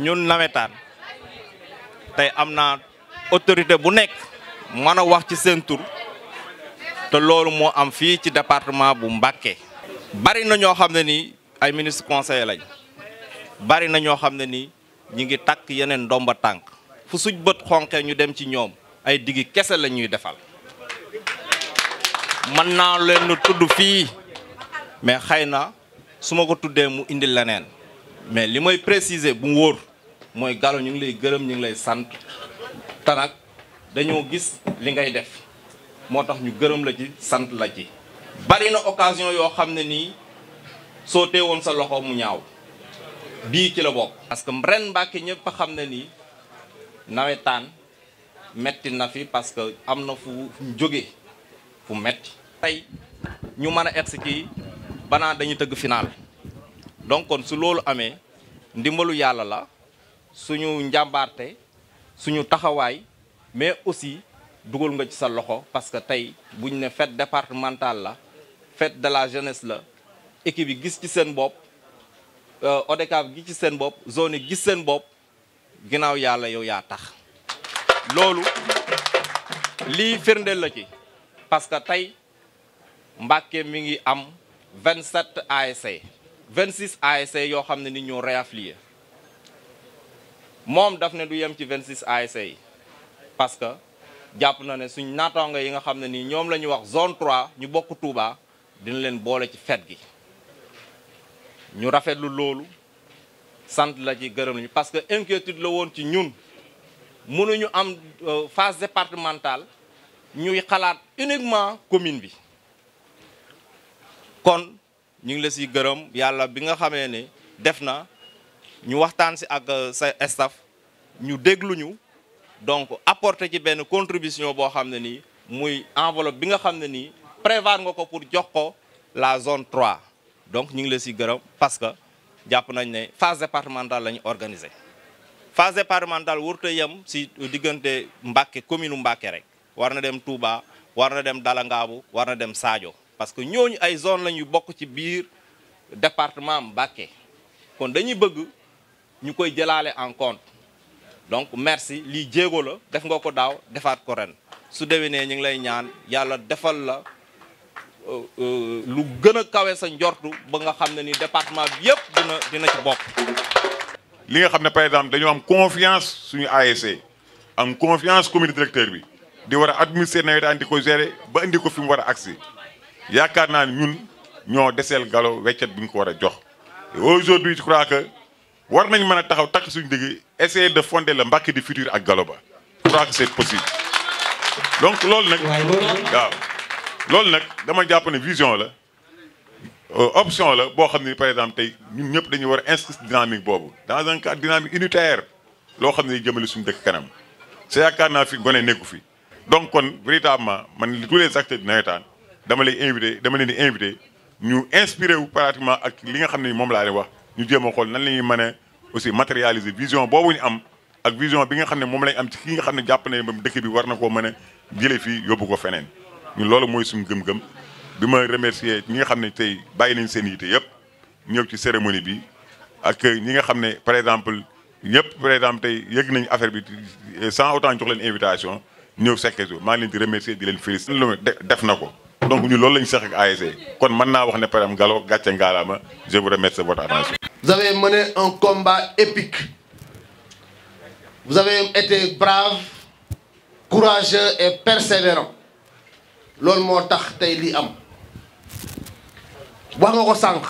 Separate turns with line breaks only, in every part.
ñun nawetaan tey am naa autorité bu nekk mën a wax ci seen tur te loolu moo am fii ci département bu Mbacké bari na ñoo xam ne nii ay ministre conseiller lañ bari na ñoo xam ne nii ñi ngi takk yeneen ndomba tànk fu suñ bët xonqee ñu dem ci ñoom ay digi kese la ñuy defal mën naa leen tudd fii mais xëy na su ma ko tuddee mu indi leneen mais li may préciser bu mu wóor mooy Gallo ñu ngi lay gërëm ñu ngi lay sant te dañoo gis li ngay def moo tax ñu gërëm la ci sant la ci bari na occasion yoo xam ne nii soo teewoon sa loxo mu ñaaw bii ci la bokk parce que ren Mbàkke ñëpp a xam na ni nawetaan metti na fi parce que am na fu jóge fu metti tey ñu mën a egsi kii banaa dañu tëgg final donc su loolu amee ndimbalu yàlla la suñu njàmbaarte suñu taxawaay mais aussi dugal nga ci sa loxo parce que tey buñ ne fête départementale la fête de la jeunesse la équipe yi gis ci seen bopp euh, ODCAV gi ci seen bopp zone yi gis seen bopp ginnaaw yàlla yow yaa tax loolu lii firndeel la ci parce que tey Mbàkke mi ngi am vingt sept ASC e, vingt six ASC e yoo xam ne ni ñoo réaffilié moom daf ne du yem ci vingt 26 ASC yi parce que jàpp na ne suñ naataango yi nga xam ne nii ñoom la ñu wax zone 3 ñu bokk Touba dina leen boole ci fête gi ñu rafetlu loolu sant la ci gërëm lañu parce que inquiétude la woon ci ñun mënuñu am euh, phase départementale ñuy xalaat uniquement commune bi kon ñu ngi la siy gërëm yàlla bi nga xamee ni def na ñu waxtaan si ak euh, sa staff ñu déglu ñu donc apporté ci benn contribution boo xam ne ni muy enveloppe bi nga xam ne nii prévoir nga ko pour jox ko la zone trois donc ñu ngi la si gërëm parce que jàpp nañ ne phase départementale lañu ñu organiser phase départementale warut a yem si diggante Mbacké commune Mbacké rek war na dem Touba war na dem Dalangaabu war na dem Sadio parce que ñooñu ay zone la ñu bokk ci biir département Mbacké kon dañuy bëgg ñu koy jëlaale en compte donc merci lii jéego la def nga ko daaw defaat ko ren su déwénee ñu ngi lay ñaan yàlla defal la euh, euh, lu gën a kawe sa njortu ba nga xam ne ni département bi yëpp dina dina ci bopp.
li nga xam ne par exemple dañoo am confiance suñu ASC am confiance comité directeur bi di war a administrer nawetaan di ko gérer ba indi ko fi mu war a agsi yaakaar naa ne ñun ñoo deseel Gallo weccet bi ñu ko war a jox aujourd'hui je que. war nañ mën a taxaw takk suñu digg essayer de fonder le Mbacké du futur ak Galoba je crois que c'est possible donc loolu nag waaw loolu nag dama jàpp ne vision la euh, option la boo xam ne par exemple tey ñun ñëpp dañuy war a inscrire dynamique boobu dans un cadre dynamique unitaire loo xam ne jëmale suñu dëkk kanam sa yaakaar naa fi gone nekku fi donc kon véritablement man tous les acteurs du nawetaan dama lay invité dama leen di invité ñu inspiré wu pratiquement ak li nga xam ne moom laa leen ñu jéem a xool nan la ñuy mën a aussi matérialiser vision boobu ñu am ak vision bi nga xam ne moom lañ am ci ki nga xam ne jàpp ne moom dëkk bi war na koo mën a jëlee fii yóbbu ko feneen loolu mooy suñu gëm-gëm bi ma remercier ñi nga xam ne tey bàyyi nañ seen yite yëpp ñëw ci cérémonie bi ak ñi nga xam ne par exemple ñëpp par exemple tey yëg nañ affaire bi sans autant jox leen invitation ñëw fekkee su maa ngi leen di remercier def na ko donc ñu loolu lañ seq ak e. kon mën naa wax ne par exemple Gallo gàcce ngaalaama je vous remercie de votre
sa avez mené un combat épique. Vous avez été brave, courageux et persévérant. loolu moo tax tey lii am wax nga ko sànq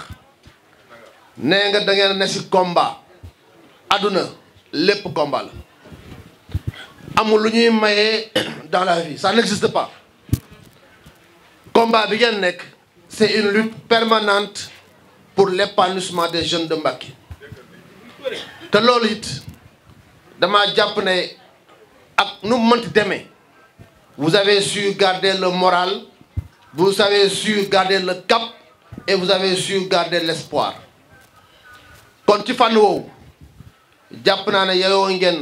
nee nga da ngeen ne ci combat àdduna lépp combat la amul lu ñuy mayee dans la vie ça n'existe pas combat bi ngeen nekk c'est une lutte permanente pour l'épanouissement des jeunes de Mbacké te loolu it dama jàpp ne ak nu mënti demee vous avez su garder le moral vous avez su garder le cap et vous avez su garder l'espoir kon ci fànn woowu jàpp naa ne yeyoo ngeen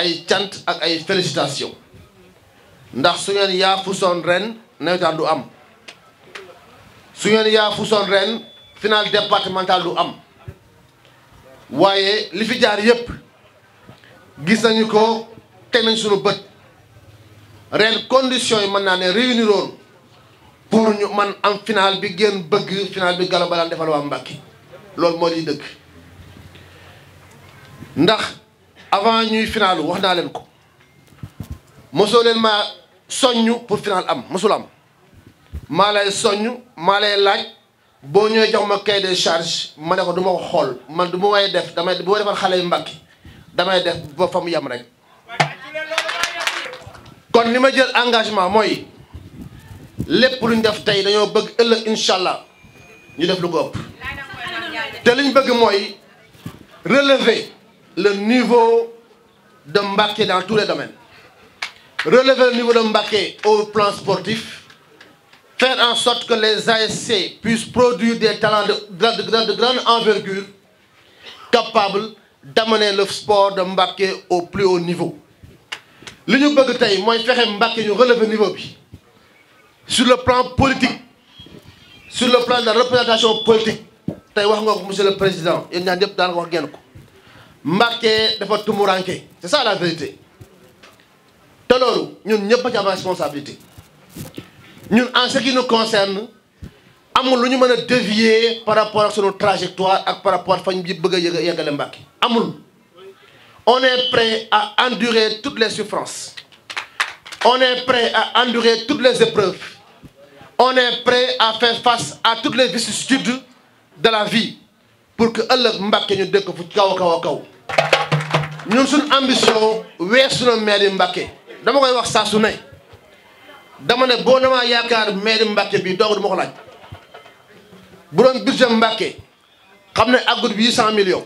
ay cant ak ay félicitations ndax su ngeen yaa fusoon ren nawetaan du am su ngeen yaa fusoon ren final départemental du am waaye li fi jaar yépp gis nañu ko teg nañ suñu bët ren conditions yi mën naa ne réunir woon pour ñu man am final bi gën bëgg final bi Gallo Banane defal waa Mbacké loolu moo liy dëgg ndax avant ñuy finalu wax naa leen ko mosoo leen maa soññ pour final am mosul am maa lay soññ maa lay laaj boo ñëwee jox ma cahier des charges ma ne ko du ma ko xool man du ma may def damay bu ma defal xale yu mbàkki damay def ba fa mu yem rek. kon li ma jël engagement mooy lépp luñ def tey dañoo bëgg ëllëg incha allah ñu def lu ko ëpp. te li bëgg mooy relever le niveau de Mbacké dans tous les domaines relever le niveau de Mbacké au plan sportif. faire en sorte que les ASC puissent produire des talents de, de, de, de grande envergure capable d'amener le sport de Mbacké au plus haut niveau li ñu bëgg tey mooy fexe Mbacké ñu relever niveau bi sur le plan politique sur le plan de la représentation politique tey wax nga ko monsieur le président yéen ñaan yëpp daanaka wax ngeen ko Mbacké dafa tumuranke c'est ça la vérité te loolu ñun ñëpp a ci am responsabilité ñun en ce qui nous amul lu ñu mën a dévier par rapport ak sunu trajectoire ak par rapport fañ bi bëgg a yëg a yeggale Mbàkke amul on est prêt à endurer toutes les souffrances on est prêt à endurer toutes les épreuves on est prêt à faire face à toutes les vicissitudes de la vie pour que ëllëg Mbàkke ñu dëkk fu kaw a kaw a kaw ñun suñu ambition weesu na mairie Mbàkke dama koy wax saa su ne dama ne boo damaa yaakaar mairie Mbacke bii dong du ma ko laaj bu doon budget Mbacke xam ne àggut huit cent millions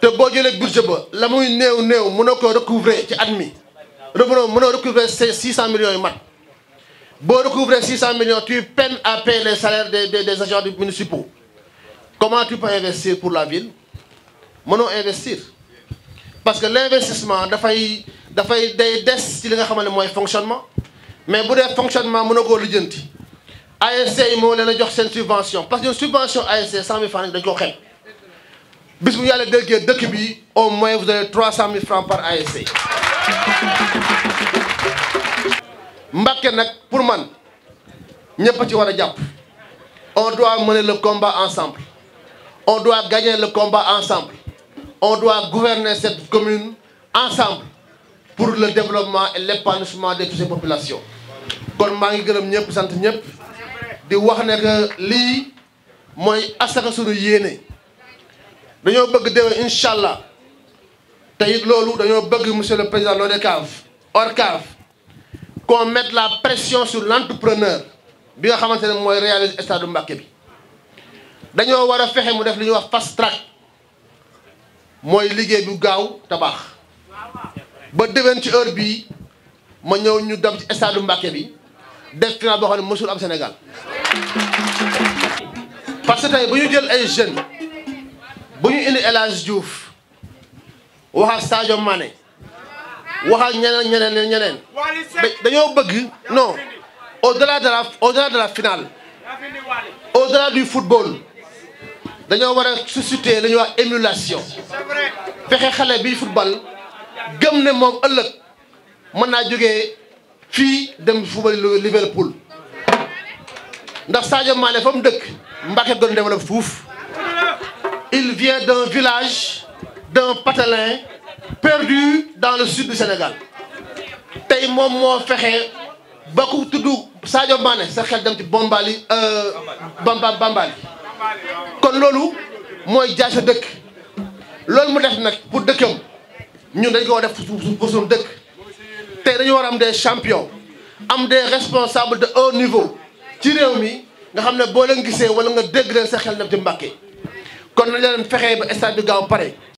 te boo jëlee budget ba la muy néew néew mënoo ko recouvrer ci at mi revenons mënoo recouvrer ces six cent millions yu mat boo recouvrer six cent millions tu peines à salaire de salaires des des des agents municipaux comment tu peux investir pour la ville mënoo investir parce que l' investissement dafay dafay day des ci li nga xamante ne mooy fonctionnement mais bu dee fonctionnement mën na koo lijjanti ASC yi moo leen a jox seen subvention parce que subvention ASC cent mille francs dañ ko xel bis bu yàlla déggee dëkk bi au moins vous avez trois cent mille francs par ASC. Mbacké nag pour man ñëpp a ci war a jàpp on doit mener le combat ensemble on doit gagner le combat ensemble on doit gouverner cette commune ensemble pour le développement et l'épanouissement de toutes ces populations. kon maa ngi gërëm ñëpp sant ñëpp di wax ne lii mooy asaka sunu yéene dañoo bëgg déwén incha allah te it loolu dañoo bëgg monsieur le président l'ODCAV ORCAV qu'on mette la pression sur l'entrepreneur bi nga xamante ne mooy réaliser stade du Mbacké bi dañoo war a fexe mu def li ñuy wax fast track mooy liggéey bu gaaw te ba déwén ci heure bii ma ñëw ñu dem ci stade du bi destinat boo xam ne mësul am Sénégal parce que tey bu ñu jël ay jeunes bu ñu indi El Hadj Diouf wax ak Sadio Mané wax ak ñeneen ñeneen dañoo bëgg non au delà de la au delà de la finale dañoo war a susciter li ñuy wax émulation fexe xale bi football gëm ne moom ëllëg mën naa jógee. fii dem fubal Liverpool ndax Sadio Mané fa mu dëkk Mbacké gën développe fuuf il vient d'un village d'un patelin perdu dans le sud du Sénégal tey moom moo fexe ba ku tudd Sadio Mané sa xel dem ci Bombali euh, Bamba kon loolu mooy jaay sa dëkk loolu mu def nag pour dëkkam ñun dañ koo war def pour suñu dëkk tey dañu war a am des champions am des responsables de haut niveau ci réew mi nga xam ne boo leen gisee wala nga dégg leen sa xel na ci Mbàkke kon nañ leen fexee ba stade bi gaaw pare